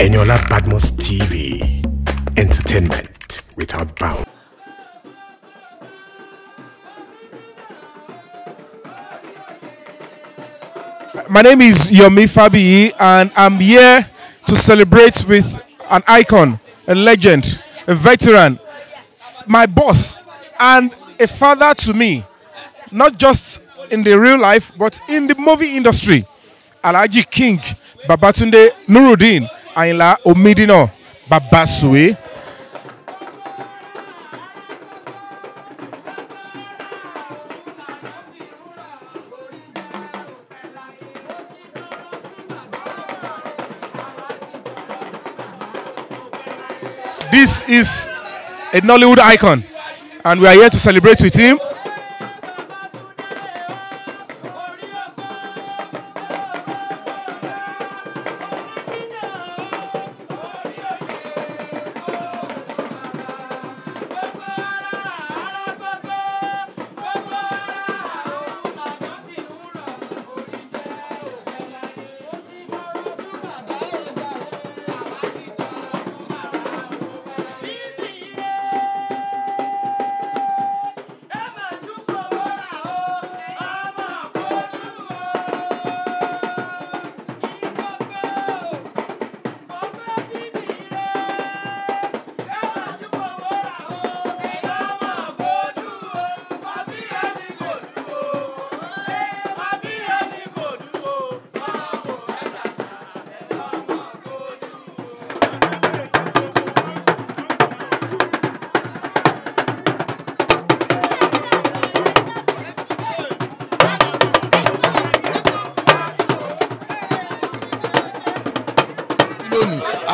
Eniola badmus TV. Entertainment without bounds. My name is Yomi Fabi, and I'm here to celebrate with an icon, a legend, a veteran, my boss, and a father to me, not just in the real life, but in the movie industry. Alaji King, Babatunde Nuruddin. àyìnlá omidina babasuwe. This is a Nollywood icon and we are here to celebrate with him.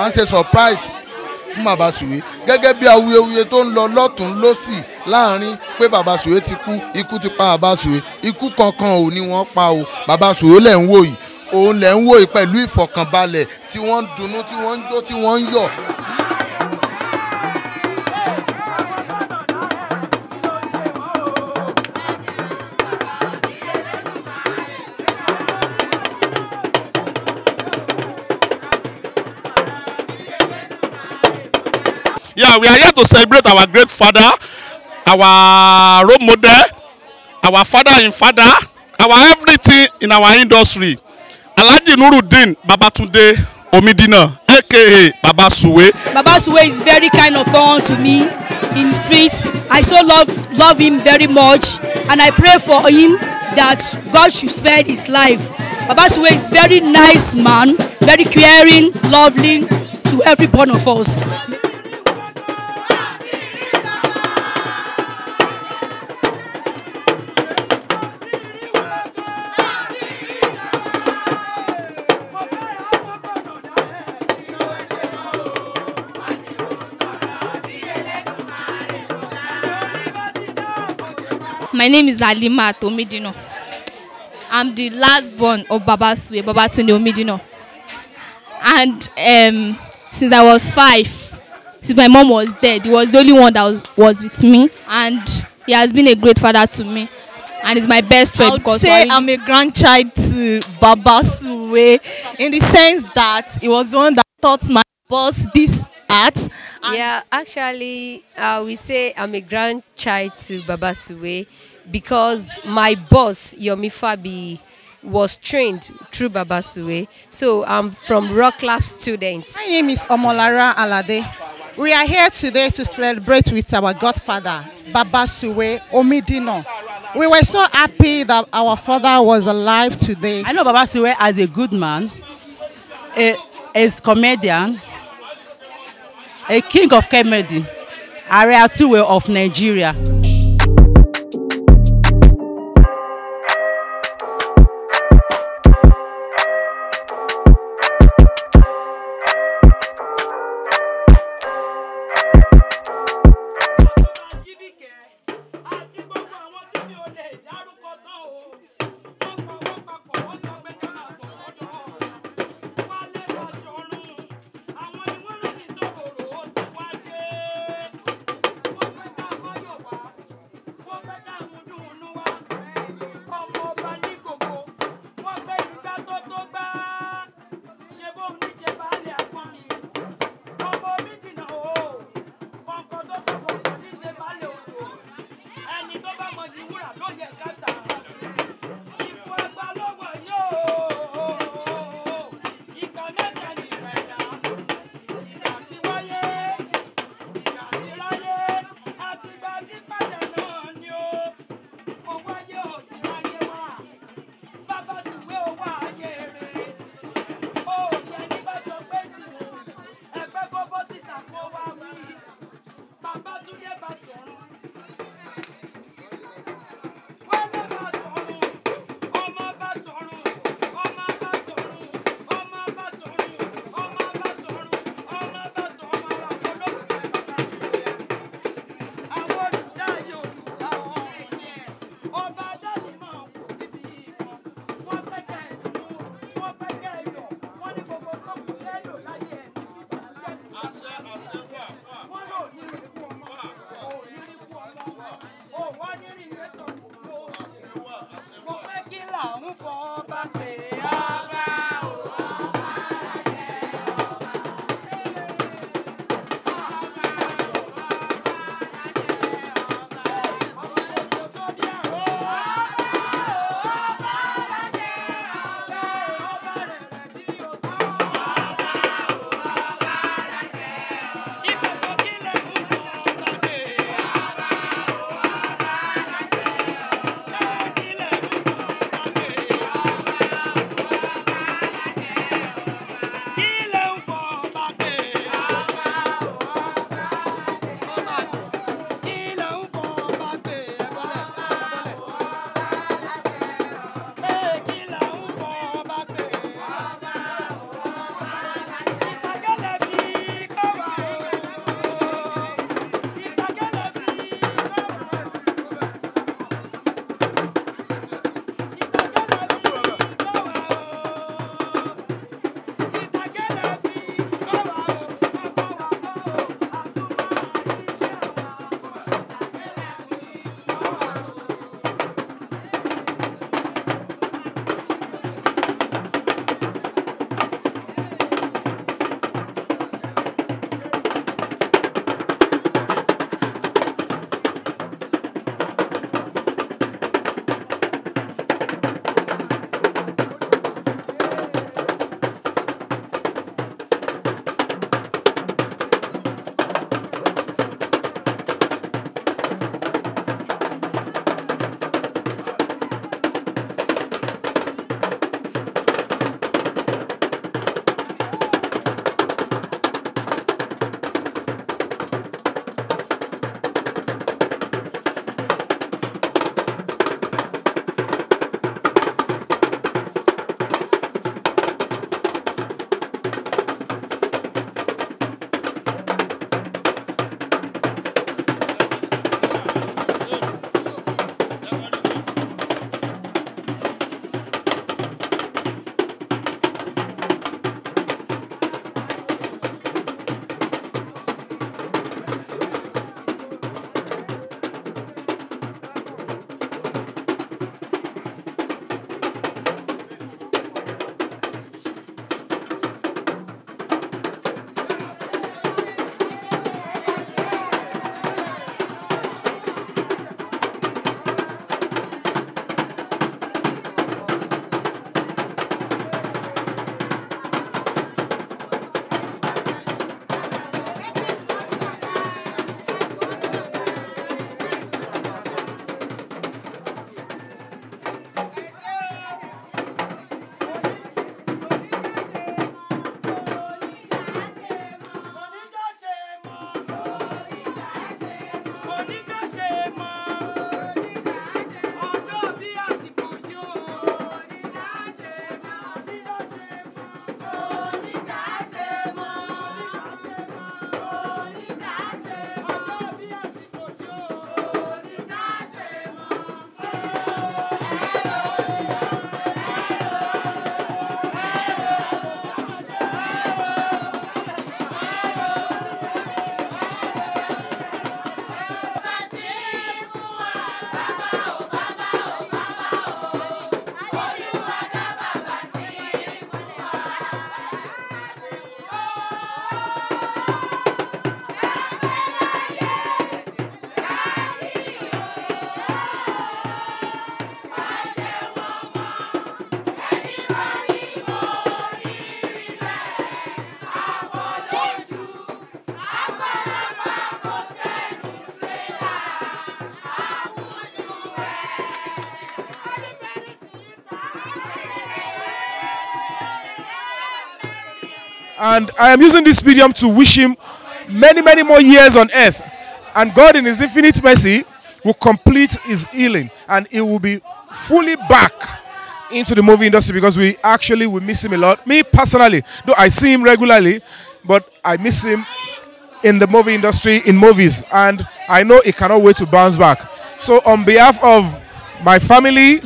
à ń ṣe surprise fún bàbá sùwé gẹ́gẹ́ bí awuyewuye tó ń lọ lọ́tún lọ́sì láàrin pé bàbá sùwé ti kú ikú ti pa bàbá ikú kankan ò ní wọ́n pa o bàbá sùwé lẹ̀ ń wò yìí òun lẹ̀ ń wò yìí pẹ̀lú ìfọ̀kànbalẹ̀ tí wọ́n ń dunnú tí wọ́n ń jó tí wọ́n ń yọ̀ uh, we are here to celebrate our great father, our role model, our father in father, our everything in our industry. Alhaji Nuruddin Babatunde Omidina, aka Baba Suwe. Baba Suwe is very kind of fun to me in the streets. I so love love him very much and I pray for him that God should spare his life. Baba Suwe is very nice man, very caring, loving to every one of us. My name is Alima Tomidino. I'm the last born of Baba Baba Babatunde Omidino. And um, since I was five, since my mom was dead, he was the only one that was, was with me. And he has been a great father to me. And he's my best friend. I would say I'm a grandchild to Baba Babaswe in the sense that he was the one that taught my boss this art And yeah, actually, uh, we say I'm a grandchild to Baba Suwe because my boss, Yomi Fabi, was trained through Baba Suwe. So I'm from Rock Lab students. My name is Omolara Alade. We are here today to celebrate with our godfather, Baba Suwe Omidino. We were so happy that our father was alive today. I know Baba Suwe as a good man, a, a comedian, a king of comedy, Ààrẹ Atúwé of Nigeria. fogo forte. And I am using this medium to wish him many, many more years on earth. And God, in His infinite mercy, will complete His healing and He will be fully back into the movie industry because we actually we miss him a lot. Me personally, though I see him regularly, but I miss him in the movie industry, in movies, and I know he cannot wait to bounce back. So, on behalf of my family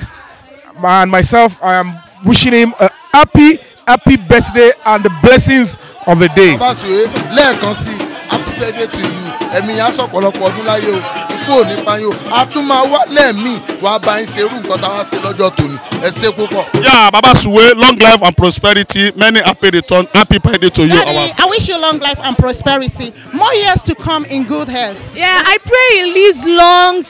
and myself, I am wishing him a happy happy birthday and the blessings of the day. bàbá sùwé lẹ́ẹ̀kan sí happy birthday to you ẹ̀mí yẹn á sọ ọ̀pọ̀lọpọ̀ ọdún láyé o ikú ò ní pa o a tún máa wá lẹ́ẹ̀mí wàá bá yín ṣe irú nǹkan tá a wá ṣe lọ́jọ́ tòní ẹ ṣe púpọ̀. yà bàbá sùwé long life and prosperity many happy return happy birthday to you. Daddy, I wish you long life and prosperity more years to come in good health. yeah I pray he lives long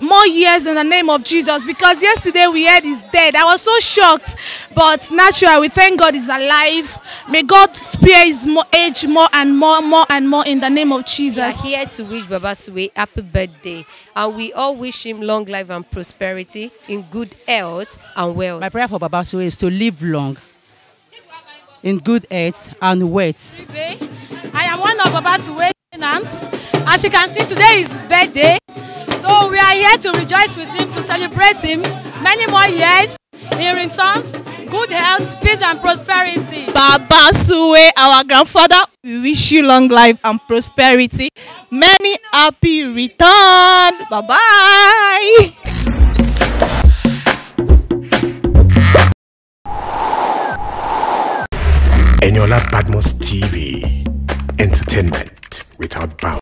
more years in the name of Jesus because yesterday we heard he's dead. I was so shocked, but naturally we thank God he's alive. May God spare his age more and more, more and more in the name of Jesus. We are here to wish Baba Suwe happy birthday. And we all wish him long life and prosperity in good health and wealth. My prayer for Baba Suwe is to live long in good health and wealth. I am one of Baba Suwe's tenants. As you can see, today is his birthday. So we are here to rejoice with him, to celebrate him many more years in returns, good health, peace and prosperity. Baba Suwe, our grandfather, we wish you long life and prosperity. Many happy return. Bye-bye. Eniola Badmos TV. Entertainment without bounds.